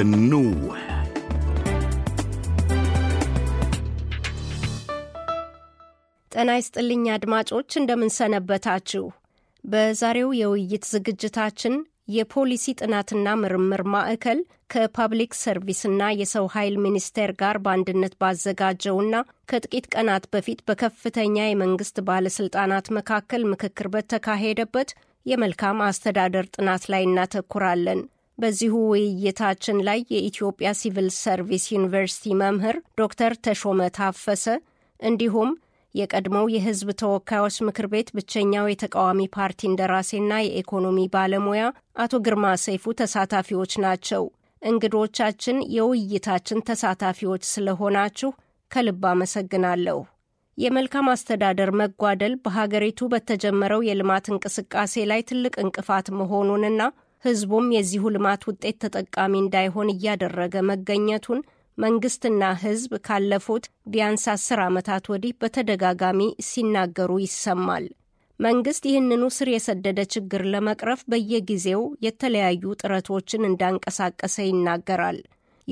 النوة ጤና ይስጥልኝ አድማጮች እንደምንሰነበታችሁ። በዛሬው የውይይት ዝግጅታችን የፖሊሲ ጥናትና ምርምር ማዕከል ከፓብሊክ ሰርቪስና የሰው ኃይል ሚኒስቴር ጋር በአንድነት ባዘጋጀውና ከጥቂት ቀናት በፊት በከፍተኛ የመንግስት ባለስልጣናት መካከል ምክክር በተካሄደበት የመልካም አስተዳደር ጥናት ላይ እናተኩራለን። በዚሁ ውይይታችን ላይ የኢትዮጵያ ሲቪል ሰርቪስ ዩኒቨርሲቲ መምህር ዶክተር ተሾመ ታፈሰ እንዲሁም የቀድሞው የሕዝብ ተወካዮች ምክር ቤት ብቸኛው የተቃዋሚ ፓርቲ እንደራሴና የኢኮኖሚ ባለሙያ አቶ ግርማ ሰይፉ ተሳታፊዎች ናቸው። እንግዶቻችን የውይይታችን ተሳታፊዎች ስለሆናችሁ ከልብ አመሰግናለሁ። የመልካም አስተዳደር መጓደል በሀገሪቱ በተጀመረው የልማት እንቅስቃሴ ላይ ትልቅ እንቅፋት መሆኑንና ህዝቡም የዚሁ ልማት ውጤት ተጠቃሚ እንዳይሆን እያደረገ መገኘቱን መንግስትና ህዝብ ካለፉት ቢያንስ አስር ዓመታት ወዲህ በተደጋጋሚ ሲናገሩ ይሰማል። መንግስት ይህንኑ ስር የሰደደ ችግር ለመቅረፍ በየጊዜው የተለያዩ ጥረቶችን እንዳንቀሳቀሰ ይናገራል።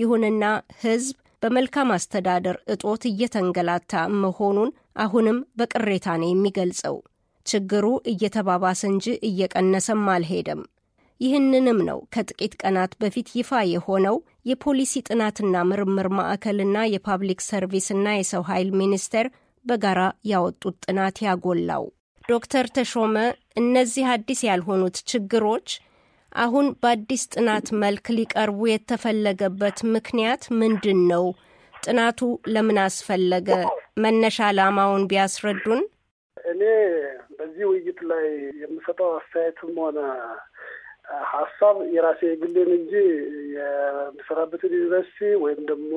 ይሁንና ህዝብ በመልካም አስተዳደር እጦት እየተንገላታ መሆኑን አሁንም በቅሬታ ነው የሚገልጸው። ችግሩ እየተባባሰ እንጂ እየቀነሰም አልሄደም። ይህንንም ነው ከጥቂት ቀናት በፊት ይፋ የሆነው የፖሊሲ ጥናትና ምርምር ማዕከልና የፓብሊክ ሰርቪስና የሰው ኃይል ሚኒስቴር በጋራ ያወጡት ጥናት ያጎላው። ዶክተር ተሾመ እነዚህ አዲስ ያልሆኑት ችግሮች አሁን በአዲስ ጥናት መልክ ሊቀርቡ የተፈለገበት ምክንያት ምንድን ነው? ጥናቱ ለምን አስፈለገ? መነሻ ዓላማውን ቢያስረዱን። እኔ በዚህ ውይይት ላይ የምሰጠው አስተያየትም ሆነ ሀሳብ የራሴ የግሌን እንጂ የምሰራበትን ዩኒቨርሲቲ ወይም ደግሞ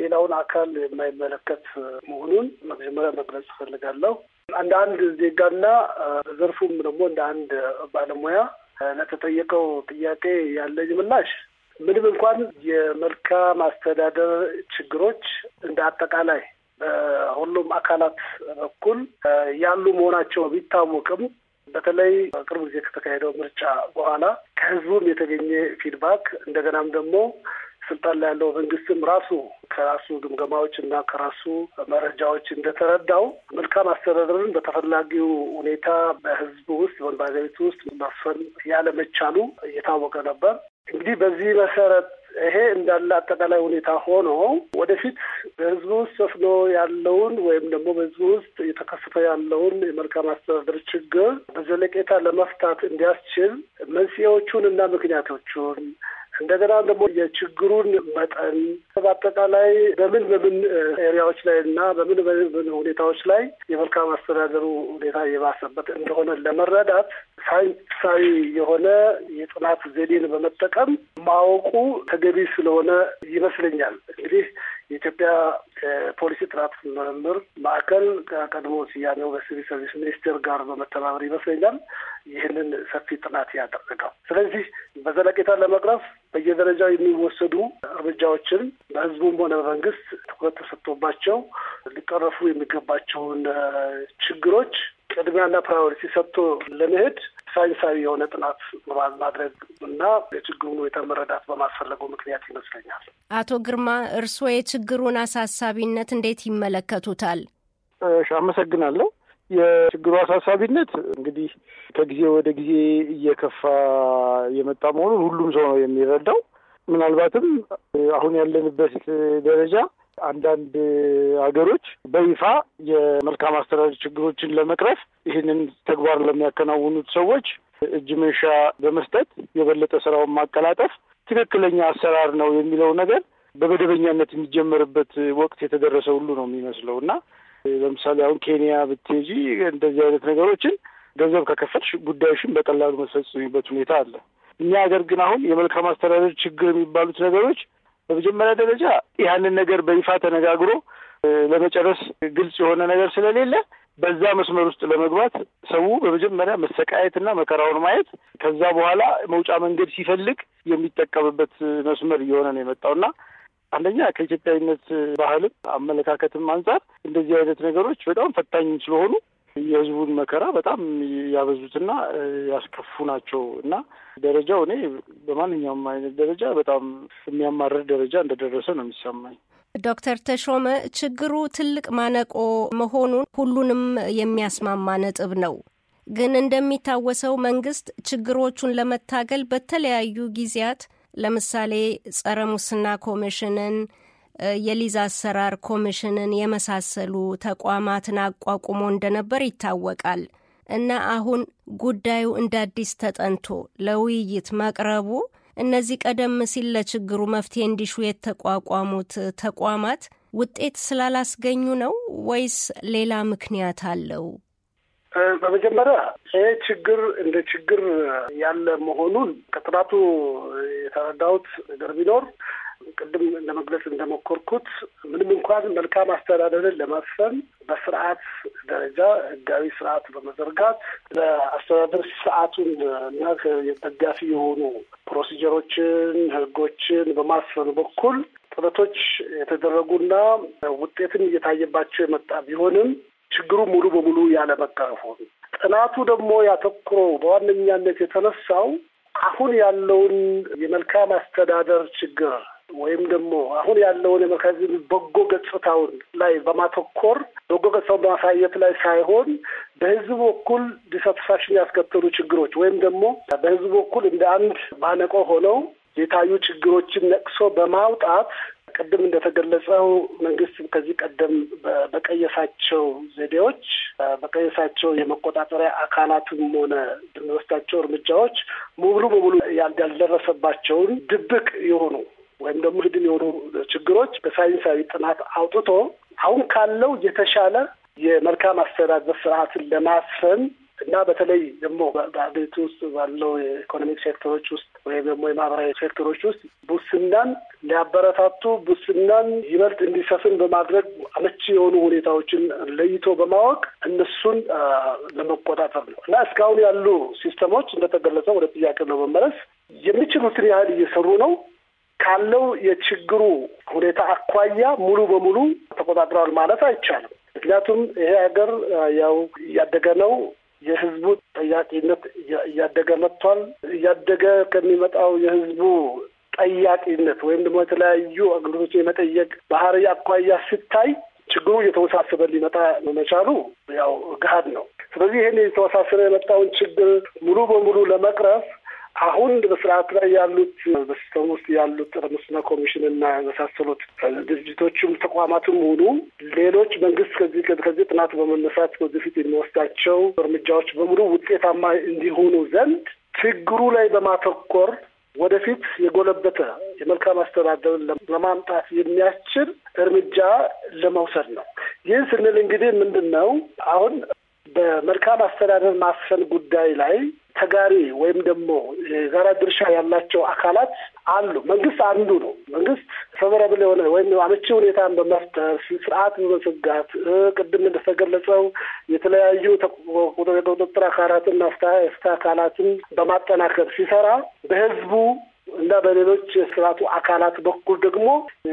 ሌላውን አካል የማይመለከት መሆኑን መጀመሪያ መግለጽ እፈልጋለሁ። እንደ አንድ ዜጋና ዘርፉም ደግሞ እንደ አንድ ባለሙያ ለተጠየቀው ጥያቄ ያለኝ ምላሽ ምንም እንኳን የመልካም አስተዳደር ችግሮች እንደ አጠቃላይ በሁሉም አካላት በኩል ያሉ መሆናቸው ቢታወቅም በተለይ በቅርብ ጊዜ ከተካሄደው ምርጫ በኋላ ከህዝቡም የተገኘ ፊድባክ እንደገናም ደግሞ ስልጣን ላይ ያለው መንግስትም ራሱ ከራሱ ግምገማዎች እና ከራሱ መረጃዎች እንደተረዳው መልካም አስተዳደርን በተፈላጊው ሁኔታ በህዝቡ ውስጥ በሀገሪቱ ውስጥ ማስፈን ያለመቻሉ እየታወቀ ነበር። እንግዲህ በዚህ መሰረት ይሄ እንዳለ አጠቃላይ ሁኔታ ሆኖ ወደፊት በህዝቡ ውስጥ ሰፍኖ ያለውን ወይም ደግሞ በህዝቡ ውስጥ እየተከሰተ ያለውን የመልካም አስተዳደር ችግር በዘለቄታ ለመፍታት እንዲያስችል መንስኤዎቹን እና ምክንያቶቹን እንደገና ደግሞ የችግሩን መጠን በአጠቃላይ በምን በምን ኤሪያዎች ላይ እና በምን በምን ሁኔታዎች ላይ የመልካም አስተዳደሩ ሁኔታ የባሰበት እንደሆነ ለመረዳት ሳይንሳዊ የሆነ የጥናት ዘዴን በመጠቀም ማወቁ ተገቢ ስለሆነ ይመስለኛል። እንግዲህ የኢትዮጵያ ፖሊሲ ጥናት ምርምር ማዕከል ከቀድሞ ስያሜው በሲቪል ሰርቪስ ሚኒስቴር ጋር በመተባበር ይመስለኛል ይህንን ሰፊ ጥናት ያደረገው። ስለዚህ በዘለቄታ ለመቅረፍ በየደረጃው የሚወሰዱ እርምጃዎችን በህዝቡም ሆነ በመንግስት ትኩረት ተሰጥቶባቸው ሊቀረፉ የሚገባቸውን ችግሮች ቅድሚያና ፕራዮሪቲ ሰጥቶ ለመሄድ ሳይንሳዊ የሆነ ጥናት ማድረግ እና የችግሩን ሁኔታ መረዳት በማስፈለገው ምክንያት ይመስለኛል። አቶ ግርማ እርስዎ የችግሩን አሳሳቢነት እንዴት ይመለከቱታል? እሺ፣ አመሰግናለሁ። የችግሩ አሳሳቢነት እንግዲህ ከጊዜ ወደ ጊዜ እየከፋ የመጣ መሆኑን ሁሉም ሰው ነው የሚረዳው። ምናልባትም አሁን ያለንበት ደረጃ አንዳንድ ሀገሮች በይፋ የመልካም አስተዳደር ችግሮችን ለመቅረፍ ይህንን ተግባር ለሚያከናውኑት ሰዎች እጅ መንሻ በመስጠት የበለጠ ስራውን ማቀላጠፍ ትክክለኛ አሰራር ነው የሚለው ነገር በመደበኛነት የሚጀመርበት ወቅት የተደረሰ ሁሉ ነው የሚመስለው እና ለምሳሌ አሁን ኬንያ ብትሄጂ እንደዚህ አይነት ነገሮችን ገንዘብ ከከፈልሽ ጉዳዮሽን በቀላሉ መፈጸሚበት ሁኔታ አለ። እኛ ሀገር ግን አሁን የመልካም አስተዳደር ችግር የሚባሉት ነገሮች በመጀመሪያ ደረጃ ያንን ነገር በይፋ ተነጋግሮ ለመጨረስ ግልጽ የሆነ ነገር ስለሌለ በዛ መስመር ውስጥ ለመግባት ሰው በመጀመሪያ መሰቃየትና መከራውን ማየት ከዛ በኋላ መውጫ መንገድ ሲፈልግ የሚጠቀምበት መስመር እየሆነ ነው የመጣው እና አንደኛ ከኢትዮጵያዊነት ባህልም አመለካከትም አንጻር እንደዚህ አይነት ነገሮች በጣም ፈታኝ ስለሆኑ የህዝቡን መከራ በጣም ያበዙትና ያስከፉ ናቸው እና ደረጃው እኔ በማንኛውም አይነት ደረጃ በጣም የሚያማርር ደረጃ እንደደረሰ ነው የሚሰማኝ። ዶክተር ተሾመ ችግሩ ትልቅ ማነቆ መሆኑን ሁሉንም የሚያስማማ ነጥብ ነው። ግን እንደሚታወሰው መንግስት ችግሮቹን ለመታገል በተለያዩ ጊዜያት ለምሳሌ ጸረ ሙስና ኮሚሽንን የሊዝ አሰራር ኮሚሽንን የመሳሰሉ ተቋማትን አቋቁሞ እንደነበር ይታወቃል እና አሁን ጉዳዩ እንደ አዲስ ተጠንቶ ለውይይት መቅረቡ እነዚህ ቀደም ሲል ለችግሩ መፍትሄ እንዲሹ የተቋቋሙት ተቋማት ውጤት ስላላስገኙ ነው ወይስ ሌላ ምክንያት አለው? በመጀመሪያ ይህ ችግር እንደ ችግር ያለ መሆኑን ከጥናቱ የተረዳሁት ነገር ቢኖር ቅድም ለመግለጽ እንደሞከርኩት ምንም እንኳን መልካም አስተዳደርን ለማስፈን በስርዓት ደረጃ ህጋዊ ስርዓት በመዘርጋት ለአስተዳደር ስርዓቱን እና ደጋፊ የሆኑ ፕሮሲጀሮችን፣ ህጎችን በማስፈን በኩል ጥረቶች የተደረጉና ውጤትን እየታየባቸው የመጣ ቢሆንም ችግሩ ሙሉ በሙሉ ያለመቀረፉን ጥናቱ ደግሞ ያተኮረው በዋነኛነት የተነሳው አሁን ያለውን የመልካም አስተዳደር ችግር ወይም ደግሞ አሁን ያለውን የመካዝን በጎ ገጽታውን ላይ በማተኮር በጎ ገጽታውን በማሳየት ላይ ሳይሆን በህዝብ በኩል ዲሳትስፋክሽን ያስከተሉ ችግሮች ወይም ደግሞ በህዝብ በኩል እንደ አንድ ማነቆ ሆነው የታዩ ችግሮችን ነቅሶ በማውጣት ቅድም እንደተገለጸው መንግስት ከዚህ ቀደም በቀየሳቸው ዘዴዎች በቀየሳቸው የመቆጣጠሪያ አካላትም ሆነ የሚወስዳቸው እርምጃዎች ሙሉ በሙሉ ያልደረሰባቸውን ድብቅ የሆኑ ወይም ደግሞ ሂድን የሆኑ ችግሮች በሳይንሳዊ ጥናት አውጥቶ አሁን ካለው የተሻለ የመልካም አስተዳደር ስርዓትን ለማስፈን እና በተለይ ደግሞ በአገሪቱ ውስጥ ባለው የኢኮኖሚክ ሴክተሮች ውስጥ ወይም ደግሞ የማህበራዊ ሴክተሮች ውስጥ ቡስናን ሊያበረታቱ ቡስናን ይበልጥ እንዲሰፍን በማድረግ አመቺ የሆኑ ሁኔታዎችን ለይቶ በማወቅ እነሱን ለመቆጣጠር ነው እና እስካሁን ያሉ ሲስተሞች እንደተገለጸው ወደ ጥያቄ ነው መመለስ የሚችሉትን ያህል እየሰሩ ነው። ካለው የችግሩ ሁኔታ አኳያ ሙሉ በሙሉ ተቆጣጥረዋል ማለት አይቻልም። ምክንያቱም ይሄ ሀገር ያው እያደገ ነው። የህዝቡ ጠያቂነት እያደገ መጥቷል። እያደገ ከሚመጣው የህዝቡ ጠያቂነት ወይም ደግሞ የተለያዩ አገልግሎት የመጠየቅ ባህሪ አኳያ ሲታይ ችግሩ እየተወሳሰበ ሊመጣ መቻሉ ያው ገሀድ ነው። ስለዚህ ይህን የተወሳሰበ የመጣውን ችግር ሙሉ በሙሉ ለመቅረፍ አሁን በስርዓት ላይ ያሉት በሲስተም ውስጥ ያሉት ሙስና ኮሚሽን እና የመሳሰሉት ድርጅቶችም ተቋማትም ሆኑ ሌሎች መንግስት ከዚህ ከዚህ ጥናት በመነሳት በፊት የሚወስዳቸው እርምጃዎች በሙሉ ውጤታማ እንዲሆኑ ዘንድ ችግሩ ላይ በማተኮር ወደፊት የጎለበተ የመልካም አስተዳደርን ለማምጣት የሚያስችል እርምጃ ለመውሰድ ነው። ይህን ስንል እንግዲህ ምንድን ነው አሁን በመልካም አስተዳደር ማስፈን ጉዳይ ላይ ተጋሪ ወይም ደግሞ የጋራ ድርሻ ያላቸው አካላት አሉ። መንግስት አንዱ ነው። መንግስት ፌቨራብል የሆነ ወይም አመቺ ሁኔታን በመፍጠር ስርዓት በመዘጋት ቅድም እንደተገለጸው የተለያዩ የቁጥጥር አካላትን ፍታ አካላትን በማጠናከር ሲሰራ በህዝቡ እና በሌሎች የስርዓቱ አካላት በኩል ደግሞ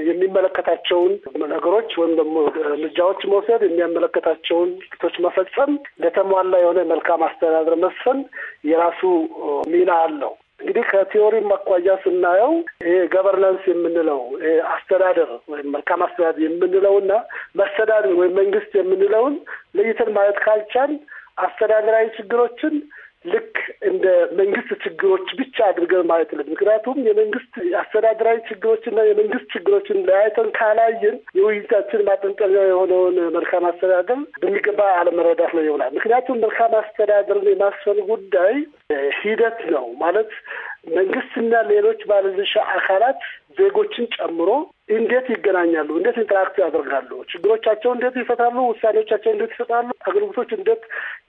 የሚመለከታቸውን ነገሮች ወይም ደግሞ እርምጃዎች መውሰድ፣ የሚያመለከታቸውን ድርጊቶች መፈጸም፣ ለተሟላ የሆነ መልካም አስተዳደር መስፈን የራሱ ሚና አለው። እንግዲህ ከቲዮሪም አኳያ ስናየው ይሄ ገቨርናንስ የምንለው አስተዳደር ወይም መልካም አስተዳደር የምንለውና መስተዳድር ወይም መንግስት የምንለውን ለይተን ማለት ካልቻል አስተዳደራዊ ችግሮችን ልክ እንደ መንግስት ችግሮች ብቻ አድርገን ማለት ለ ምክንያቱም የመንግስት አስተዳደራዊ ችግሮችና የመንግስት ችግሮችን ለያይተን ካላየን የውይይታችን ማጠንጠሪያ የሆነውን መልካም አስተዳደር በሚገባ አለመረዳት ነው ይሆናል። ምክንያቱም መልካም አስተዳደር የማስፈን ጉዳይ ሂደት ነው ማለት መንግስትና ሌሎች ባለድርሻ አካላት ዜጎችን ጨምሮ እንዴት ይገናኛሉ? እንዴት ኢንተራክት ያደርጋሉ? ችግሮቻቸው እንዴት ይፈታሉ? ውሳኔዎቻቸው እንዴት ይሰጣሉ? አገልግሎቶች እንዴት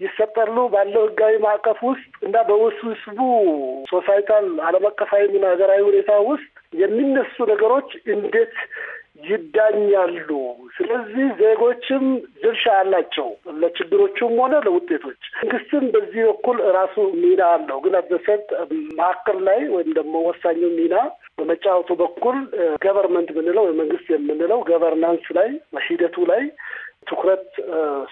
ይሰጣሉ? ባለው ህጋዊ ማዕቀፍ ውስጥ እና በውስብስቡ ሶሳይታል ዓለም አቀፋዊ ሀገራዊ ሁኔታ ውስጥ የሚነሱ ነገሮች እንዴት ይዳኛሉ። ስለዚህ ዜጎችም ድርሻ ያላቸው ለችግሮቹም ሆነ ለውጤቶች። መንግስትም በዚህ በኩል ራሱ ሚና አለው፣ ግን አዘሰት መካከል ላይ ወይም ደግሞ ወሳኙ ሚና በመጫወቱ በኩል ገቨርንመንት የምንለው መንግስት የምንለው ገቨርናንስ ላይ ሂደቱ ላይ ትኩረት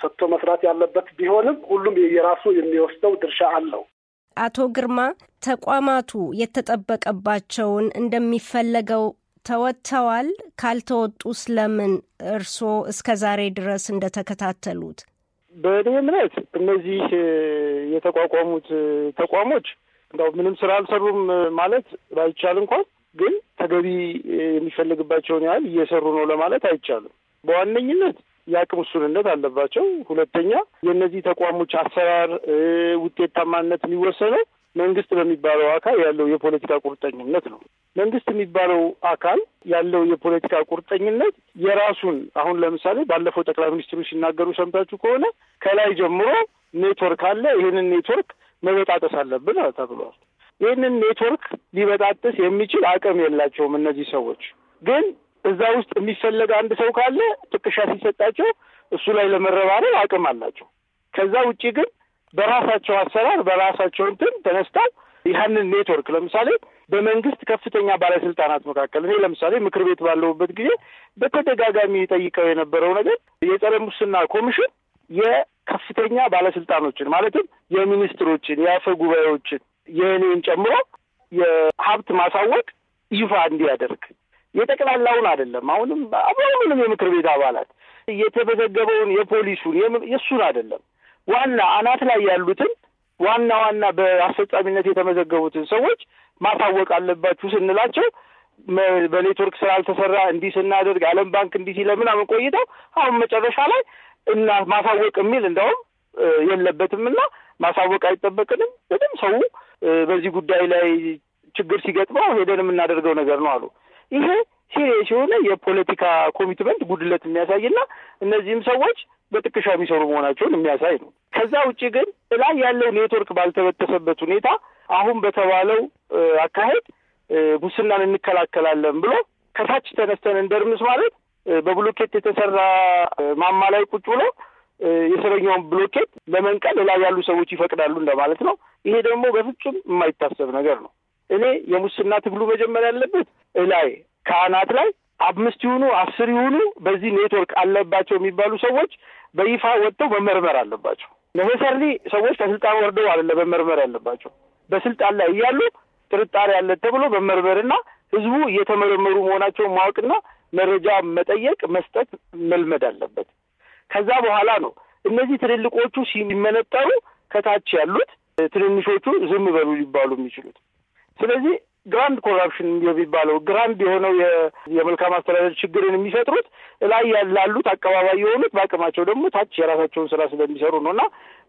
ሰጥቶ መስራት ያለበት ቢሆንም ሁሉም የራሱ የሚወስደው ድርሻ አለው። አቶ ግርማ ተቋማቱ የተጠበቀባቸውን እንደሚፈለገው ተወጥተዋል? ካልተወጡ ስለምን እርስዎ እስከ ዛሬ ድረስ እንደተከታተሉት? በእኔ እምነት እነዚህ የተቋቋሙት ተቋሞች እንደው ምንም ስራ አልሰሩም ማለት ባይቻል እንኳን ግን ተገቢ የሚፈልግባቸውን ያህል እየሰሩ ነው ለማለት አይቻልም። በዋነኝነት የአቅም ውሱንነት አለባቸው። ሁለተኛ የእነዚህ ተቋሞች አሰራር ውጤታማነት የሚወሰነው መንግስት በሚባለው አካል ያለው የፖለቲካ ቁርጠኝነት ነው። መንግስት የሚባለው አካል ያለው የፖለቲካ ቁርጠኝነት የራሱን አሁን ለምሳሌ ባለፈው ጠቅላይ ሚኒስትሩ ሲናገሩ ሰምታችሁ ከሆነ ከላይ ጀምሮ ኔትወርክ አለ፣ ይህንን ኔትወርክ መበጣጠስ አለብን ተብሏል። ይህንን ኔትወርክ ሊበጣጥስ የሚችል አቅም የላቸውም እነዚህ ሰዎች። ግን እዛ ውስጥ የሚፈለግ አንድ ሰው ካለ ጥቅሻ ሲሰጣቸው እሱ ላይ ለመረባረብ አቅም አላቸው። ከዛ ውጪ ግን በራሳቸው አሰራር በራሳቸው እንትን ተነስተው ያንን ኔትወርክ ለምሳሌ በመንግስት ከፍተኛ ባለስልጣናት መካከል እኔ ለምሳሌ ምክር ቤት ባለሁበት ጊዜ በተደጋጋሚ ጠይቀው የነበረው ነገር የጸረ ሙስና ኮሚሽን የከፍተኛ ባለስልጣኖችን ማለትም የሚኒስትሮችን፣ የአፈ ጉባኤዎችን፣ የእኔን ጨምሮ የሀብት ማሳወቅ ይፋ እንዲያደርግ የጠቅላላውን አይደለም። አሁንም አሁኑንም የምክር ቤት አባላት የተመዘገበውን የፖሊሱን የእሱን አይደለም ዋና አናት ላይ ያሉትን ዋና ዋና በአስፈጻሚነት የተመዘገቡትን ሰዎች ማሳወቅ አለባችሁ ስንላቸው በኔትወርክ ስላልተሰራ እንዲህ ስናደርግ ዓለም ባንክ እንዲህ ሲለ ምናምን ቆይተው አሁን መጨረሻ ላይ እና ማሳወቅ የሚል እንደውም የለበትም እና ማሳወቅ አይጠበቅንም። በደም ሰው በዚህ ጉዳይ ላይ ችግር ሲገጥመው ሄደን የምናደርገው ነገር ነው አሉ። ይሄ ሲሪየስ የሆነ የፖለቲካ ኮሚትመንት ጉድለት የሚያሳይና እነዚህም ሰዎች በጥቅሻው የሚሰሩ መሆናቸውን የሚያሳይ ነው። ከዛ ውጭ ግን እላይ ያለው ኔትወርክ ባልተበጠሰበት ሁኔታ አሁን በተባለው አካሄድ ሙስናን እንከላከላለን ብሎ ከታች ተነስተን እንደርምስ ማለት በብሎኬት የተሰራ ማማ ላይ ቁጭ ብሎ የሰረኛውን ብሎኬት ለመንቀል እላይ ያሉ ሰዎች ይፈቅዳሉ እንደማለት ነው። ይሄ ደግሞ በፍጹም የማይታሰብ ነገር ነው። እኔ የሙስና ትግሉ መጀመር ያለበት እላይ ከአናት ላይ አምስት ይሁኑ አስር ይሁኑ በዚህ ኔትወርክ አለባቸው የሚባሉ ሰዎች በይፋ ወጥተው መመርመር አለባቸው። ነሰሰርሊ ሰዎች ከስልጣን ወርደው አለ መመርመር ያለባቸው በስልጣን ላይ እያሉ ጥርጣሬ አለ ተብሎ መመርመርና ህዝቡ እየተመረመሩ መሆናቸውን ማወቅና መረጃ መጠየቅ መስጠት መልመድ አለበት። ከዛ በኋላ ነው እነዚህ ትልልቆቹ ሲመነጠሩ ከታች ያሉት ትንንሾቹ ዝም በሉ ሊባሉ የሚችሉት። ስለዚህ ግራንድ ኮራፕሽን የሚባለው ግራንድ የሆነው የመልካም አስተዳደር ችግርን የሚፈጥሩት ላይ ያላሉት አቀባባይ የሆኑት በአቅማቸው ደግሞ ታች የራሳቸውን ስራ ስለሚሰሩ ነው እና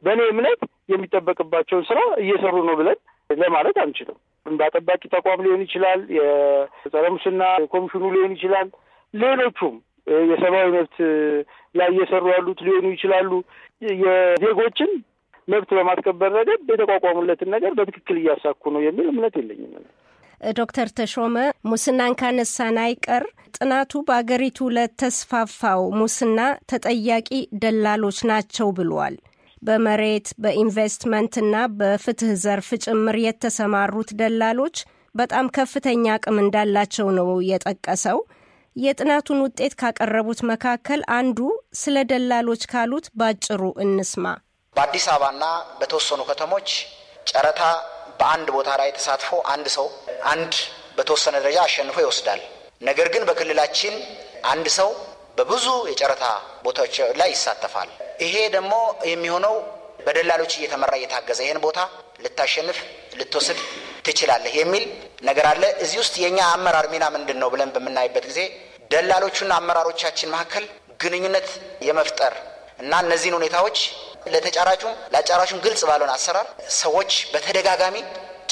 በእኔ እምነት የሚጠበቅባቸውን ስራ እየሰሩ ነው ብለን ለማለት አንችልም። እንደ አጠባቂ ተቋም ሊሆን ይችላል፣ የጸረ ሙስና ኮሚሽኑ ሊሆን ይችላል፣ ሌሎቹም የሰብአዊ መብት ላይ እየሰሩ ያሉት ሊሆኑ ይችላሉ። የዜጎችን መብት በማስከበር ረገድ የተቋቋሙለትን ነገር በትክክል እያሳኩ ነው የሚል እምነት የለኝም። ዶክተር ተሾመ ሙስናን ካነሳን አይቀር ጥናቱ በአገሪቱ ለተስፋፋው ሙስና ተጠያቂ ደላሎች ናቸው ብሏል። በመሬት በኢንቨስትመንትና በፍትህ ዘርፍ ጭምር የተሰማሩት ደላሎች በጣም ከፍተኛ አቅም እንዳላቸው ነው የጠቀሰው። የጥናቱን ውጤት ካቀረቡት መካከል አንዱ ስለ ደላሎች ካሉት ባጭሩ እንስማ። በአዲስ አበባና በተወሰኑ ከተሞች ጨረታ በአንድ ቦታ ላይ ተሳትፎ አንድ ሰው አንድ በተወሰነ ደረጃ አሸንፎ ይወስዳል። ነገር ግን በክልላችን አንድ ሰው በብዙ የጨረታ ቦታዎች ላይ ይሳተፋል። ይሄ ደግሞ የሚሆነው በደላሎች እየተመራ እየታገዘ ይህን ቦታ ልታሸንፍ ልትወስድ ትችላለህ የሚል ነገር አለ። እዚህ ውስጥ የእኛ አመራር ሚና ምንድን ነው ብለን በምናይበት ጊዜ ደላሎቹና አመራሮቻችን መካከል ግንኙነት የመፍጠር እና እነዚህን ሁኔታዎች ለተጫራቹም ለአጫራቹም ግልጽ ባልሆነ አሰራር ሰዎች በተደጋጋሚ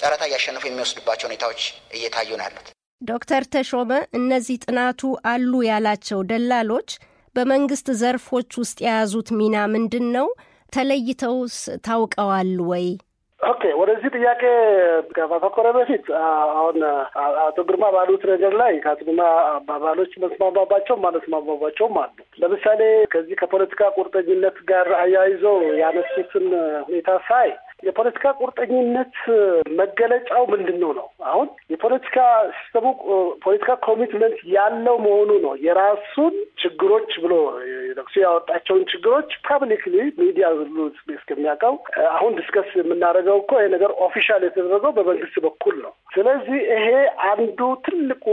ጨረታ እያሸነፉ የሚወስዱባቸው ሁኔታዎች እየታዩ ነው ያሉት ዶክተር ተሾመ እነዚህ ጥናቱ አሉ ያላቸው ደላሎች በመንግስት ዘርፎች ውስጥ የያዙት ሚና ምንድን ነው? ተለይተውስ ታውቀዋል ወይ? ኦኬ ወደዚህ ጥያቄ ከማተኮረ በፊት አሁን አቶ ግርማ ባሉት ነገር ላይ ከአቶ ግርማ አባባሎች መስማማባቸውም አለስማማባቸውም አሉ። ለምሳሌ ከዚህ ከፖለቲካ ቁርጠኝነት ጋር አያይዘው ያነሱትን ሁኔታ ሳይ የፖለቲካ ቁርጠኝነት መገለጫው ምንድን ነው ነው? አሁን የፖለቲካ ሲስተሙ ፖለቲካ ኮሚትመንት ያለው መሆኑ ነው። የራሱን ችግሮች ብሎ ለቅሶ ያወጣቸውን ችግሮች ፐብሊክሊ ሚዲያ ሁሉ እስከሚያውቀው አሁን ዲስከስ የምናደርገው እኮ ይሄ ነገር ኦፊሻል የተደረገው በመንግስት በኩል ነው። ስለዚህ ይሄ አንዱ ትልቁ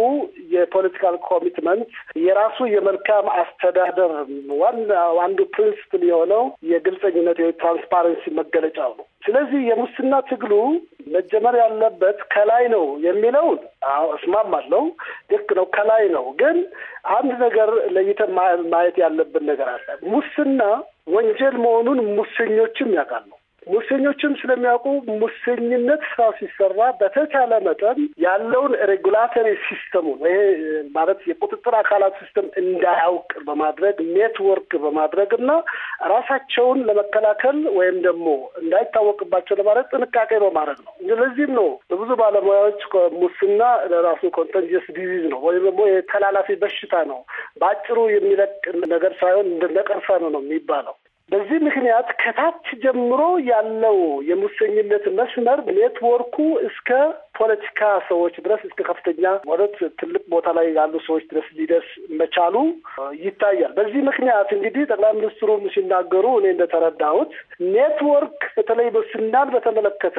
የፖለቲካል ኮሚትመንት የራሱ የመልካም አስተዳደር ዋና አንዱ ፕሪንስፕል የሆነው የግልጸኝነት የትራንስፓረንሲ መገለጫው ነው። ስለዚህ የሙስና ትግሉ መጀመር ያለበት ከላይ ነው የሚለውን እስማማለሁ። ልክ ነው፣ ከላይ ነው። ግን አንድ ነገር ለይተን ማየት ያለብን ነገር አለ። ሙስና ወንጀል መሆኑን ሙሰኞችም ያውቃሉ። ሙሰኞችም ስለሚያውቁ ሙሰኝነት ስራ ሲሰራ በተቻለ መጠን ያለውን ሬጉላተሪ ሲስተሙ ይሄ ማለት የቁጥጥር አካላት ሲስተም እንዳያውቅ በማድረግ ኔትወርክ በማድረግ እና ራሳቸውን ለመከላከል ወይም ደግሞ እንዳይታወቅባቸው ለማድረግ ጥንቃቄ በማድረግ ነው። ስለዚህም ነው በብዙ ባለሙያዎች ሙስና ለራሱ ኮንተንጀስ ዲዚዝ ነው ወይም ደግሞ የተላላፊ በሽታ ነው፣ በአጭሩ የሚለቅ ነገር ሳይሆን እንደ ነቀርሳ ነው ነው የሚባለው። በዚህ ምክንያት ከታች ጀምሮ ያለው የሙሰኝነት መስመር ኔትወርኩ እስከ ፖለቲካ ሰዎች ድረስ እስከ ከፍተኛ ማለት ትልቅ ቦታ ላይ ያሉ ሰዎች ድረስ ሊደርስ መቻሉ ይታያል። በዚህ ምክንያት እንግዲህ ጠቅላይ ሚኒስትሩም ሲናገሩ እኔ እንደተረዳሁት ኔትወርክ በተለይ በስናን በተመለከተ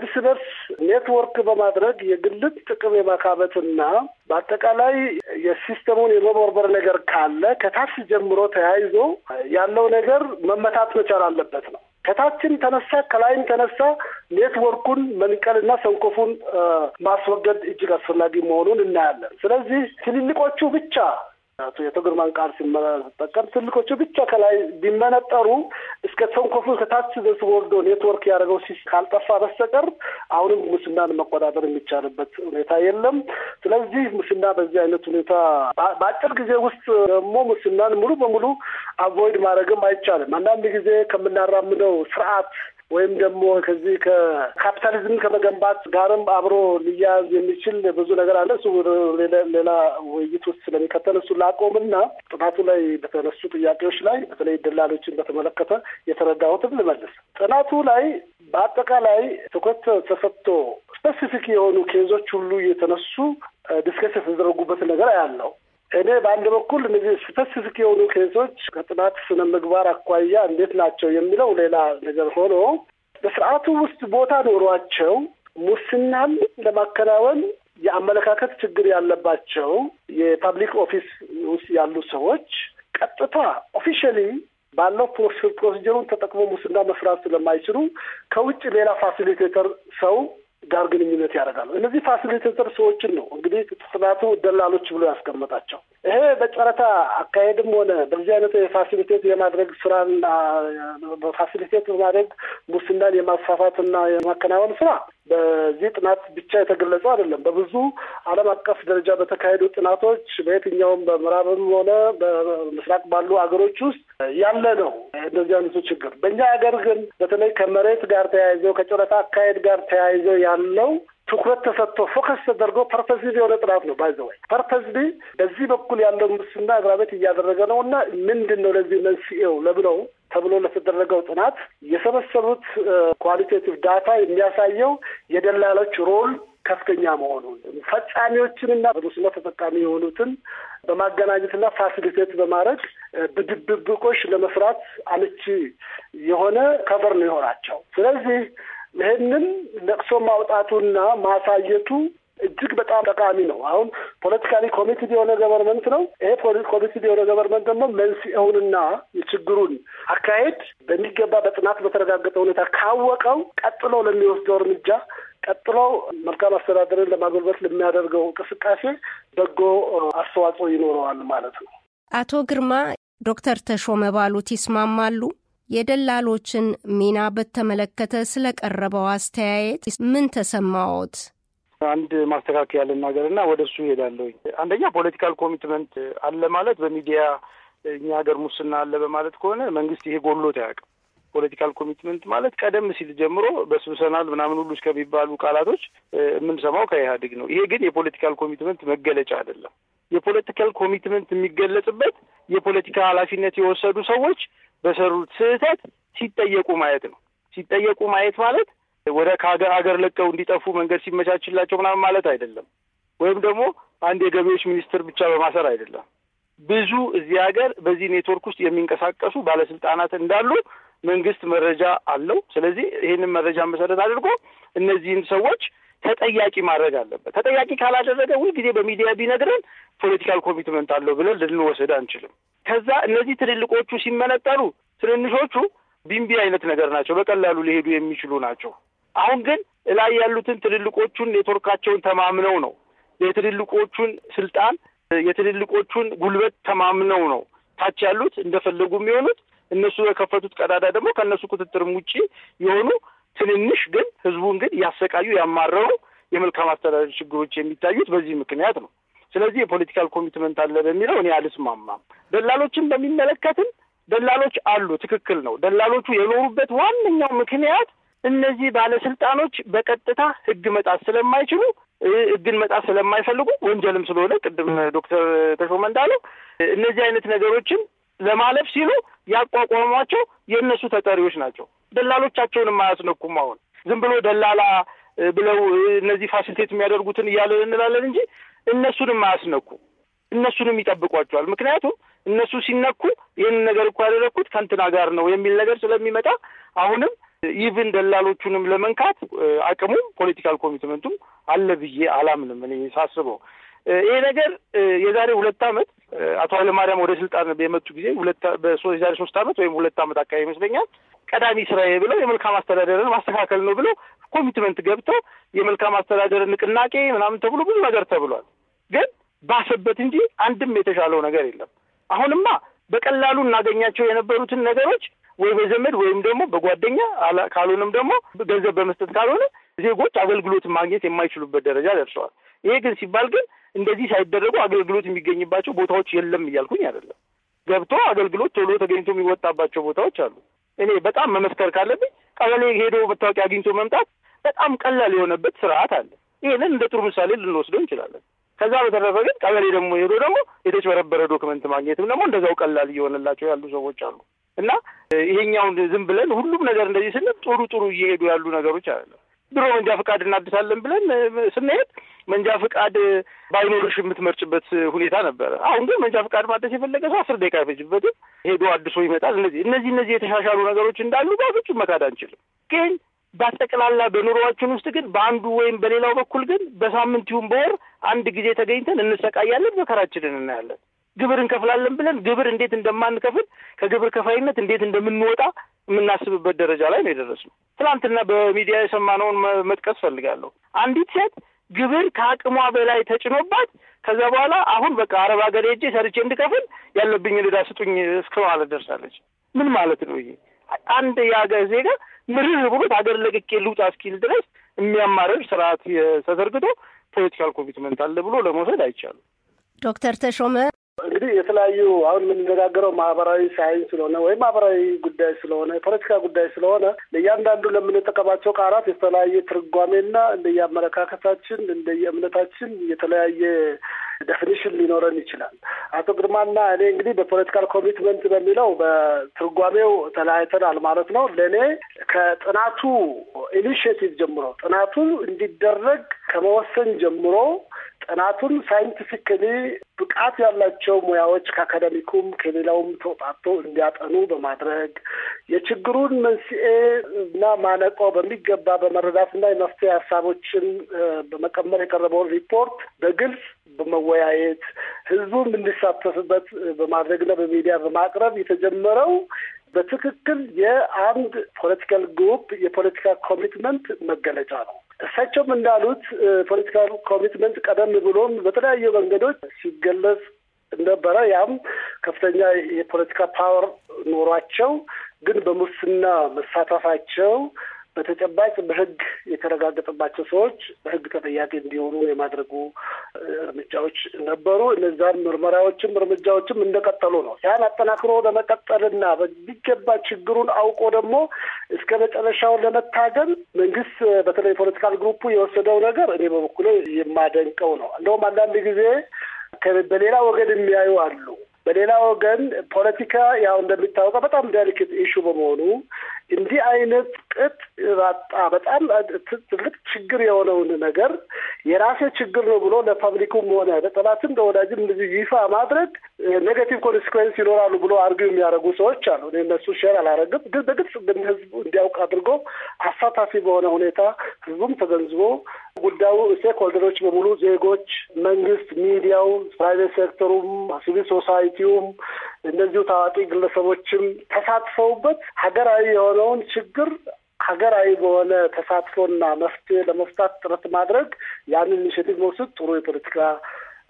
እርስ በርስ ኔትወርክ በማድረግ የግልት ጥቅም የማካበትና በአጠቃላይ የሲስተሙን የመቦርበር ነገር ካለ ከታች ጀምሮ ተያይዞ ያለው ነገር መመታት መቻል አለበት ነው። ከታችም ተነሳ ከላይም ተነሳ ኔትወርኩን መንቀልና ሰንኮፉን ማስወገድ እጅግ አስፈላጊ መሆኑን እናያለን። ስለዚህ ትልልቆቹ ብቻ የአቶ ግርማን ቃል ሲመጠቀም ትልቆቹ ብቻ ከላይ ቢመነጠሩ እስከ ተንኮፉ ከታች ድረስ ወርዶ ኔትወርክ ያደረገው ሲስ ካልጠፋ በስተቀር አሁንም ሙስናን መቆጣጠር የሚቻልበት ሁኔታ የለም። ስለዚህ ሙስና በዚህ አይነት ሁኔታ በአጭር ጊዜ ውስጥ ደግሞ ሙስናን ሙሉ በሙሉ አቮይድ ማድረግም አይቻልም። አንዳንድ ጊዜ ከምናራምደው ስርዓት ወይም ደግሞ ከዚህ ከካፒታሊዝም ከመገንባት ጋርም አብሮ ሊያያዝ የሚችል ብዙ ነገር አለ። እሱ ሌላ ውይይት ውስጥ ስለሚከተል እሱ ላቆምና ጥናቱ ላይ በተነሱ ጥያቄዎች ላይ በተለይ ደላሎችን በተመለከተ የተረዳሁትን ልመልስ። ጥናቱ ላይ በአጠቃላይ ትኩረት ተሰጥቶ ስፔሲፊክ የሆኑ ኬዞች ሁሉ የተነሱ ዲስከስ የተደረጉበት ነገር ያለው እኔ በአንድ በኩል እነዚህ ስፐሲፊክ የሆኑ ኬሶች ከጥናት ስነ ምግባር አኳያ እንዴት ናቸው የሚለው ሌላ ነገር ሆኖ በስርዓቱ ውስጥ ቦታ ኖሯቸው ሙስናን ለማከናወን የአመለካከት ችግር ያለባቸው የፐብሊክ ኦፊስ ውስጥ ያሉ ሰዎች ቀጥታ ኦፊሻሊ ባለው ፕሮሲጀሩን ተጠቅሞ ሙስና መስራት ስለማይችሉ ከውጭ ሌላ ፋሲሊቴተር ሰው ጋር ግንኙነት ያደርጋሉ። እነዚህ ፋሲሊቴተር ሰዎችን ነው እንግዲህ ጥናቱ ደላሎች ብሎ ያስቀመጣቸው። ይሄ በጨረታ አካሄድም ሆነ በዚህ አይነት የፋሲሊቴት የማድረግ ስራና በፋሲሊቴት በማድረግ ሙስናን የማስፋፋትና የማከናወን ስራ በዚህ ጥናት ብቻ የተገለጸው አይደለም። በብዙ ዓለም አቀፍ ደረጃ በተካሄዱ ጥናቶች በየትኛውም በምዕራብም ሆነ በምስራቅ ባሉ አገሮች ውስጥ ያለ ነው እንደዚህ አይነቱ ችግር። በእኛ ሀገር ግን በተለይ ከመሬት ጋር ተያይዞ ከጨረታ አካሄድ ጋር ተያይዞ ያለው ትኩረት ተሰጥቶ ፎከስ ተደርጎ ፐርፐዝሊ የሆነ ጥናት ነው ባይዘዋይ ፐርፐዝሊ በዚህ በኩል ያለው ሙስና አግራቤት እያደረገ ነው እና ምንድን ነው ለዚህ መንስኤው ለብለው ተብሎ ለተደረገው ጥናት የሰበሰቡት ኳሊቴቲቭ ዳታ የሚያሳየው የደላሎች ሮል ከፍተኛ መሆኑን ፈጻሚዎችንና በሙስና ተጠቃሚ የሆኑትን በማገናኘትና ፋሲሊቴት በማድረግ በድብብቆሽ ለመስራት አመቺ የሆነ ከበር ነው የሆናቸው። ስለዚህ ይህንን ነቅሶ ማውጣቱና ማሳየቱ እጅግ በጣም ጠቃሚ ነው። አሁን ፖለቲካሊ ኮሚትድ የሆነ ገቨርንመንት ነው። ይሄ ኮሚትድ የሆነ ገቨርንመንት ደግሞ መንስኤውንና የችግሩን አካሄድ በሚገባ በጥናት በተረጋገጠ ሁኔታ ካወቀው ቀጥሎ ለሚወስደው እርምጃ ቀጥሎ መልካም አስተዳደርን ለማጎልበት ለሚያደርገው እንቅስቃሴ በጎ አስተዋጽኦ ይኖረዋል ማለት ነው። አቶ ግርማ ዶክተር ተሾመ ባሉት ይስማማሉ? የደላሎችን ሚና በተመለከተ ስለቀረበው አስተያየት ምን ተሰማዎት? አንድ ማስተካከያ እና ወደ እሱ ይሄዳለሁ። አንደኛ ፖለቲካል ኮሚትመንት አለ ማለት በሚዲያ እኛ ሀገር ሙስና አለ በማለት ከሆነ መንግስት ይሄ ጎሎት አያውቅም። ፖለቲካል ኮሚትመንት ማለት ቀደም ሲል ጀምሮ በስብሰናል ምናምን ሁሉ እስከሚባሉ ቃላቶች የምንሰማው ከኢህአዴግ ነው። ይሄ ግን የፖለቲካል ኮሚትመንት መገለጫ አይደለም። የፖለቲካል ኮሚትመንት የሚገለጽበት የፖለቲካ ኃላፊነት የወሰዱ ሰዎች በሰሩት ስህተት ሲጠየቁ ማየት ነው። ሲጠየቁ ማየት ማለት ወደ ከሀገር ሀገር ለቀው እንዲጠፉ መንገድ ሲመቻችላቸው ምናምን ማለት አይደለም። ወይም ደግሞ አንድ የገቢዎች ሚኒስትር ብቻ በማሰር አይደለም። ብዙ እዚህ ሀገር በዚህ ኔትወርክ ውስጥ የሚንቀሳቀሱ ባለስልጣናት እንዳሉ መንግስት መረጃ አለው። ስለዚህ ይህንን መረጃ መሰረት አድርጎ እነዚህን ሰዎች ተጠያቂ ማድረግ አለበት። ተጠያቂ ካላደረገ ሁልጊዜ በሚዲያ ቢነግረን ፖለቲካል ኮሚትመንት አለው ብለን ልንወሰድ አንችልም። ከዛ እነዚህ ትልልቆቹ ሲመነጠሉ ትንንሾቹ ቢምቢ አይነት ነገር ናቸው፣ በቀላሉ ሊሄዱ የሚችሉ ናቸው። አሁን ግን እላይ ያሉትን ትልልቆቹን ኔትወርካቸውን ተማምነው ነው የትልልቆቹን ስልጣን የትልልቆቹን ጉልበት ተማምነው ነው ታች ያሉት እንደፈለጉ የሚሆኑት። እነሱ የከፈቱት ቀዳዳ ደግሞ ከእነሱ ቁጥጥርም ውጪ የሆኑ ትንንሽ ግን ህዝቡን ግን ያሰቃዩ ያማረሩ የመልካም አስተዳደር ችግሮች የሚታዩት በዚህ ምክንያት ነው። ስለዚህ የፖለቲካል ኮሚትመንት አለ በሚለው እኔ አልስማማም። ደላሎችን በሚመለከትም ደላሎች አሉ፣ ትክክል ነው። ደላሎቹ የኖሩበት ዋነኛው ምክንያት እነዚህ ባለስልጣኖች በቀጥታ ህግ መጣት ስለማይችሉ ህግን መጣት ስለማይፈልጉ ወንጀልም ስለሆነ ቅድም ዶክተር ተሾመ እንዳለው እነዚህ አይነት ነገሮችን ለማለፍ ሲሉ ያቋቋሟቸው የእነሱ ተጠሪዎች ናቸው። ደላሎቻቸውንም አያስነኩም። አሁን ዝም ብሎ ደላላ ብለው እነዚህ ፋሲሊቴት የሚያደርጉትን እያለን እንላለን እንጂ እነሱንም አያስነኩ፣ እነሱንም ይጠብቋቸዋል። ምክንያቱም እነሱ ሲነኩ ይህን ነገር እኮ ያደረግኩት ከእንትና ጋር ነው የሚል ነገር ስለሚመጣ አሁንም ኢቭን ደላሎቹንም ለመንካት አቅሙም ፖለቲካል ኮሚትመንቱም አለ ብዬ አላምንም። እኔ ሳስበው ይሄ ነገር የዛሬ ሁለት ዓመት አቶ ኃይለማርያም ወደ ስልጣን የመጡ ጊዜ የዛሬ ሶስት ዓመት ወይም ሁለት ዓመት አካባቢ ይመስለኛል ቀዳሚ ስራዬ ብለው የመልካም አስተዳደርን ማስተካከል ነው ብለው ኮሚትመንት ገብተው የመልካም አስተዳደር ንቅናቄ ምናምን ተብሎ ብዙ ነገር ተብሏል። ግን ባሰበት እንጂ አንድም የተሻለው ነገር የለም። አሁንማ በቀላሉ እናገኛቸው የነበሩትን ነገሮች ወይ በዘመድ ወይም ደግሞ በጓደኛ ካልሆነም ደግሞ ገንዘብ በመስጠት ካልሆነ ዜጎች አገልግሎት ማግኘት የማይችሉበት ደረጃ ደርሰዋል። ይሄ ግን ሲባል ግን እንደዚህ ሳይደረጉ አገልግሎት የሚገኝባቸው ቦታዎች የለም እያልኩኝ አይደለም። ገብቶ አገልግሎት ቶሎ ተገኝቶ የሚወጣባቸው ቦታዎች አሉ። እኔ በጣም መመስከር ካለብኝ ቀበሌ ሄዶ መታወቂያ አግኝቶ መምጣት በጣም ቀላል የሆነበት ስርዓት አለ። ይህንን እንደ ጥሩ ምሳሌ ልንወስደው እንችላለን። ከዛ በተረፈ ግን ቀበሌ ደግሞ ሄዶ ደግሞ የተጭበረበረ ዶክመንት ማግኘትም ደግሞ እንደዛው ቀላል እየሆነላቸው ያሉ ሰዎች አሉ። እና ይሄኛውን ዝም ብለን ሁሉም ነገር እንደዚህ ስንል ጥሩ ጥሩ እየሄዱ ያሉ ነገሮች አለ። ድሮ መንጃ ፈቃድ እናድሳለን ብለን ስንሄድ መንጃ ፈቃድ ባይኖርሽ የምትመርጭበት ሁኔታ ነበረ። አሁን ግን መንጃ ፈቃድ ማደስ የፈለገ ሰው አስር ደቂቃ አይፈጅበትም ሄዶ አድሶ ይመጣል። እነዚህ እነዚህ እነዚህ የተሻሻሉ ነገሮች እንዳሉ በፍጹም መካድ አንችልም። ግን በአጠቅላላ በኑሮዋችን ውስጥ ግን በአንዱ ወይም በሌላው በኩል ግን በሳምንት ይሁን በወር አንድ ጊዜ ተገኝተን እንሰቃያለን፣ መከራችንን እናያለን። ግብር እንከፍላለን ብለን ግብር እንዴት እንደማንከፍል ከግብር ከፋይነት እንዴት እንደምንወጣ የምናስብበት ደረጃ ላይ ነው የደረስነው። ትናንትና በሚዲያ የሰማነውን መጥቀስ ፈልጋለሁ። አንዲት ሴት ግብር ከአቅሟ በላይ ተጭኖባት ከዛ በኋላ አሁን በቃ አረብ ሀገር ሄጄ ሰርቼ እንድከፍል ያለብኝ ዕዳ ስጡኝ እስከ ማለት ደርሳለች። ምን ማለት ነው ይሄ? አንድ የሀገር ዜጋ ምርር ብሎ ሀገር ለቅቄ ልውጣ እስኪል ድረስ የሚያማርር ስርዓት ተዘርግቶ ፖለቲካል ኮሚትመንት አለ ብሎ ለመውሰድ አይቻልም። ዶክተር ተሾመ እንግዲህ የተለያዩ አሁን የምንነጋገረው ማህበራዊ ሳይንስ ስለሆነ ወይም ማህበራዊ ጉዳይ ስለሆነ የፖለቲካ ጉዳይ ስለሆነ ለእያንዳንዱ ለምንጠቀማቸው ቃላት የተለያየ ትርጓሜና እንደየአመለካከታችን እንደየእምነታችን የተለያየ ዴፊኒሽን ሊኖረን ይችላል። አቶ ግርማና እኔ እንግዲህ በፖለቲካል ኮሚትመንት በሚለው በትርጓሜው ተለያይተናል ማለት ነው። ለእኔ ከጥናቱ ኢኒሽቲቭ ጀምሮ ጥናቱ እንዲደረግ ከመወሰን ጀምሮ ጥናቱን ሳይንቲፊክሊ ብቃት ያላቸው ሙያዎች ከአካደሚኩም ከሌላውም ተውጣቶ እንዲያጠኑ በማድረግ የችግሩን መንስኤ እና ማነቆ በሚገባ በመረዳትና የመፍትሄ ሀሳቦችን በመቀመር የቀረበውን ሪፖርት በግልጽ በመወያየት ህዝቡም እንዲሳተፍበት በማድረግና በሚዲያ በማቅረብ የተጀመረው በትክክል የአንድ ፖለቲካል ግሩፕ የፖለቲካ ኮሚትመንት መገለጫ ነው። እሳቸውም እንዳሉት ፖለቲካ ኮሚትመንት ቀደም ብሎም በተለያዩ መንገዶች ሲገለጽ ነበረ። ያም ከፍተኛ የፖለቲካ ፓወር ኖሯቸው ግን በሙስና መሳተፋቸው በተጨባጭ በህግ የተረጋገጠባቸው ሰዎች በህግ ተጠያቂ እንዲሆኑ የማድረጉ እርምጃዎች ነበሩ። እነዛን ምርመራዎችም እርምጃዎችም እንደቀጠሉ ነው። ያን አጠናክሮ ለመቀጠልና በሚገባ ችግሩን አውቆ ደግሞ እስከ መጨረሻውን ለመታገል መንግስት በተለይ ፖለቲካል ግሩፑ የወሰደው ነገር እኔ በበኩሌ የማደንቀው ነው። እንደውም አንዳንድ ጊዜ በሌላ ወገን የሚያዩ አሉ። በሌላ ወገን ፖለቲካ ያው እንደሚታወቀው በጣም ዴሊኬት ኢሹ በመሆኑ እንዲህ አይነት ቅጥ ራጣ በጣም ትልቅ ችግር የሆነውን ነገር የራሴ ችግር ነው ብሎ ለፐብሊኩም ሆነ ለጠላትም ለወዳጅም እንደዚህ ይፋ ማድረግ ኔጋቲቭ ኮንስኩዌንስ ይኖራሉ ብሎ አርጊው የሚያደርጉ ሰዎች አሉ። እነሱ ሼር አላረግም፣ ግን በግልጽ ህዝቡ እንዲያውቅ አድርጎ አሳታፊ በሆነ ሁኔታ ህዝቡም ተገንዝቦ ጉዳዩ ስቴክ ሆልደሮች በሙሉ ዜጎች፣ መንግስት፣ ሚዲያው፣ ፕራይቬት ሴክተሩም፣ ሲቪል ሶሳይቲውም እንደዚሁ ታዋቂ ግለሰቦችም ተሳትፈውበት ሀገራዊ የሆነውን ችግር ሀገራዊ በሆነ ተሳትፎና መፍትሄ ለመፍታት ጥረት ማድረግ ያንን ኢኒሽቲቭ መውሰድ ጥሩ የፖለቲካ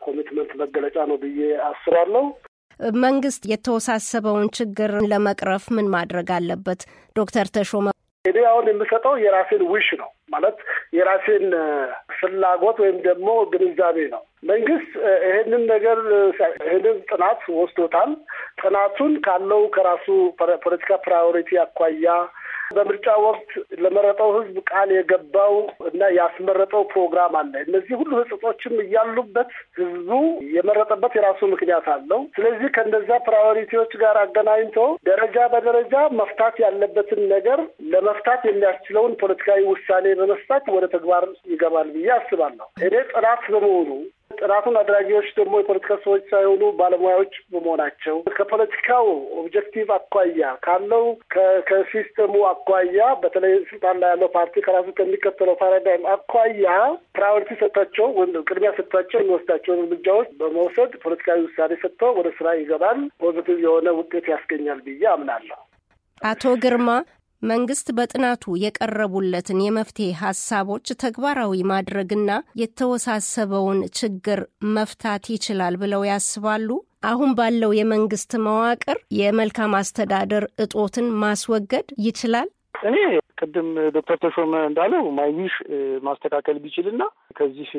ኮሚትመንት መገለጫ ነው ብዬ አስባለሁ። መንግስት የተወሳሰበውን ችግር ለመቅረፍ ምን ማድረግ አለበት? ዶክተር ተሾመ እኔ አሁን የምሰጠው የራሴን ዊሽ ነው። ማለት የራሴን ፍላጎት ወይም ደግሞ ግንዛቤ ነው። መንግስት ይህንን ነገር ይህንን ጥናት ወስዶታል። ጥናቱን ካለው ከራሱ ፖለቲካ ፕራዮሪቲ አኳያ በምርጫ ወቅት ለመረጠው ህዝብ ቃል የገባው እና ያስመረጠው ፕሮግራም አለ። እነዚህ ሁሉ ህጽጾችም እያሉበት ህዝቡ የመረጠበት የራሱ ምክንያት አለው። ስለዚህ ከነዛ ፕራዮሪቲዎች ጋር አገናኝቶ ደረጃ በደረጃ መፍታት ያለበትን ነገር ለመፍታት የሚያስችለውን ፖለቲካዊ ውሳኔ በመስጠት ወደ ተግባር ይገባል ብዬ አስባለሁ። እኔ ጥናት በመሆኑ ጥናቱን አድራጊዎች ደግሞ የፖለቲካ ሰዎች ሳይሆኑ ባለሙያዎች በመሆናቸው ከፖለቲካው ኦብጀክቲቭ አኳያ ካለው ከሲስተሙ አኳያ በተለይ ስልጣን ላይ ያለው ፓርቲ ከራሱ ከሚከተለው ፓራዳይም አኳያ ፕራዮሪቲ ሰጥቷቸው ወይም ቅድሚያ ሰጥታቸው የሚወስዳቸውን እርምጃዎች በመውሰድ ፖለቲካዊ ውሳኔ ሰጥተው ወደ ስራ ይገባል። ፖዚቲቭ የሆነ ውጤት ያስገኛል ብዬ አምናለሁ። አቶ ግርማ መንግስት በጥናቱ የቀረቡለትን የመፍትሄ ሀሳቦች ተግባራዊ ማድረግና የተወሳሰበውን ችግር መፍታት ይችላል ብለው ያስባሉ? አሁን ባለው የመንግስት መዋቅር የመልካም አስተዳደር እጦትን ማስወገድ ይችላል? እኔ ቅድም ዶክተር ተሾመ እንዳለው ማይሚሽ ማስተካከል ቢችልና ከዚህ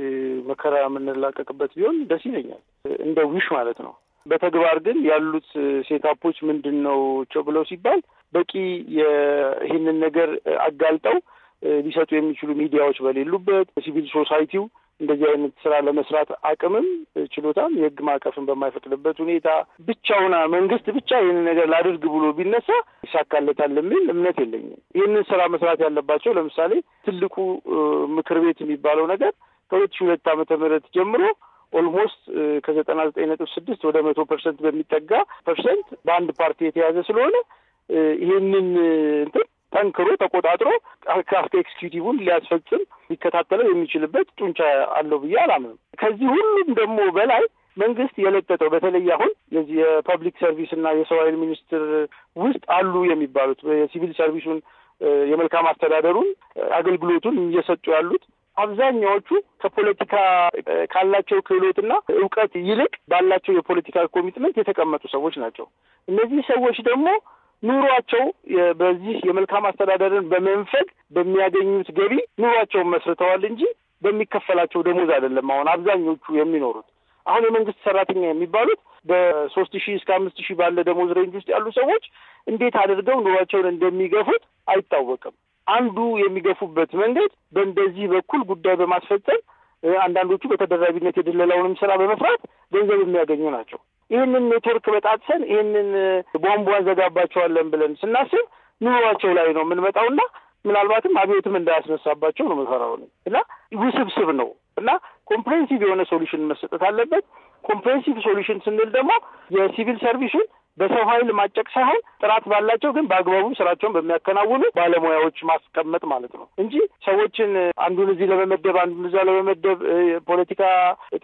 መከራ የምንላቀቅበት ቢሆን ደስ ይለኛል። እንደ ዊሽ ማለት ነው። በተግባር ግን ያሉት ሴታፖች ምንድን ቸው ብለው ሲባል በቂ ይህንን ነገር አጋልጠው ሊሰጡ የሚችሉ ሚዲያዎች በሌሉበት ሲቪል ሶሳይቲው እንደዚህ አይነት ስራ ለመስራት አቅምም ችሎታም የህግ ማዕቀፍን በማይፈቅድበት ሁኔታ ብቻውና መንግስት ብቻ ይህንን ነገር ላድርግ ብሎ ቢነሳ ይሳካለታል የሚል እምነት የለኝም። ይህንን ስራ መስራት ያለባቸው ለምሳሌ ትልቁ ምክር ቤት የሚባለው ነገር ከሁለት ሺህ ሁለት ዓመተ ምህረት ጀምሮ ኦልሞስት ከዘጠና ዘጠኝ ነጥብ ስድስት ወደ መቶ ፐርሰንት በሚጠጋ ፐርሰንት በአንድ ፓርቲ የተያዘ ስለሆነ ይህንን እንትን ጠንክሮ ተቆጣጥሮ አርክራፍት ኤክስኪዩቲቭን ሊያስፈጽም ሊከታተለው የሚችልበት ጡንቻ አለው ብዬ አላምንም። ከዚህ ሁሉም ደግሞ በላይ መንግስት የለጠጠው በተለይ አሁን የዚህ የፐብሊክ ሰርቪስ እና የሰው ኃይል ሚኒስቴር ውስጥ አሉ የሚባሉት የሲቪል ሰርቪሱን የመልካም አስተዳደሩን አገልግሎቱን እየሰጡ ያሉት አብዛኛዎቹ ከፖለቲካ ካላቸው ክህሎትና እውቀት ይልቅ ባላቸው የፖለቲካ ኮሚትመንት የተቀመጡ ሰዎች ናቸው። እነዚህ ሰዎች ደግሞ ኑሯቸው በዚህ የመልካም አስተዳደርን በመንፈግ በሚያገኙት ገቢ ኑሯቸውን መስርተዋል እንጂ በሚከፈላቸው ደሞዝ አይደለም። አሁን አብዛኞቹ የሚኖሩት አሁን የመንግስት ሰራተኛ የሚባሉት በሶስት ሺህ እስከ አምስት ሺህ ባለ ደሞዝ ሬንጅ ውስጥ ያሉ ሰዎች እንዴት አድርገው ኑሯቸውን እንደሚገፉት አይታወቅም። አንዱ የሚገፉበት መንገድ በእንደዚህ በኩል ጉዳይ በማስፈጸም አንዳንዶቹ በተደራቢነት የድለላውንም ስራ በመስራት ገንዘብ የሚያገኙ ናቸው። ይህንን ኔትወርክ በጣጥሰን ይህንን ቧንቧ አዘጋባቸዋለን ብለን ስናስብ ኑሯቸው ላይ ነው የምንመጣው እና ምናልባትም አብዮትም እንዳያስነሳባቸው ነው የምፈራው እና ውስብስብ ነው እና ኮምፕሬንሲቭ የሆነ ሶሉሽን መሰጠት አለበት። ኮምፕሬንሲቭ ሶሉሽን ስንል ደግሞ የሲቪል ሰርቪሱን በሰው ኃይል ማጨቅ ሳይሆን ጥራት ባላቸው ግን በአግባቡ ስራቸውን በሚያከናውኑ ባለሙያዎች ማስቀመጥ ማለት ነው እንጂ ሰዎችን አንዱን እዚህ ለመመደብ አንዱን እዛ ለመመደብ ፖለቲካ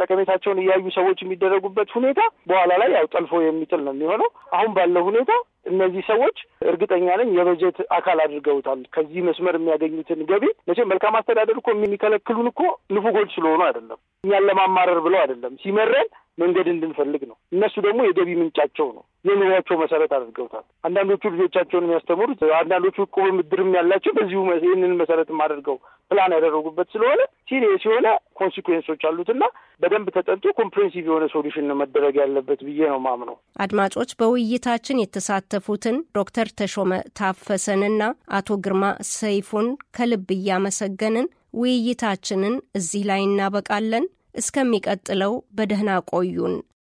ጠቀሜታቸውን እያዩ ሰዎች የሚደረጉበት ሁኔታ በኋላ ላይ ያው ጠልፎ የሚጥል ነው የሚሆነው። አሁን ባለው ሁኔታ እነዚህ ሰዎች እርግጠኛ ነኝ የበጀት አካል አድርገውታል። ከዚህ መስመር የሚያገኙትን ገቢ መቼም መልካም አስተዳደር እኮ የሚከለክሉን እኮ ንፉጎች ስለሆኑ አይደለም፣ እኛን ለማማረር ብለው አይደለም። ሲመረን መንገድ እንድንፈልግ ነው። እነሱ ደግሞ የገቢ ምንጫቸው ነው፣ የኑሯቸው መሰረት አድርገውታል። አንዳንዶቹ ልጆቻቸውን የሚያስተምሩት፣ አንዳንዶቹ እቁብም እድርም ያላቸው በዚሁ ይህንን መሰረትም አድርገው ፕላን ያደረጉበት ስለሆነ ሲሪየስ የሆነ ኮንሲኩዌንሶች አሉትና በደንብ ተጠንቶ ኮምፕሬንሲቭ የሆነ ሶሉሽን መደረግ ያለበት ብዬ ነው ማምነው። አድማጮች በውይይታችን የተሳተፉትን ዶክተር ተሾመ ታፈሰንና አቶ ግርማ ሰይፉን ከልብ እያመሰገንን ውይይታችንን እዚህ ላይ እናበቃለን። እስከሚቀጥለው በደህና ቆዩን።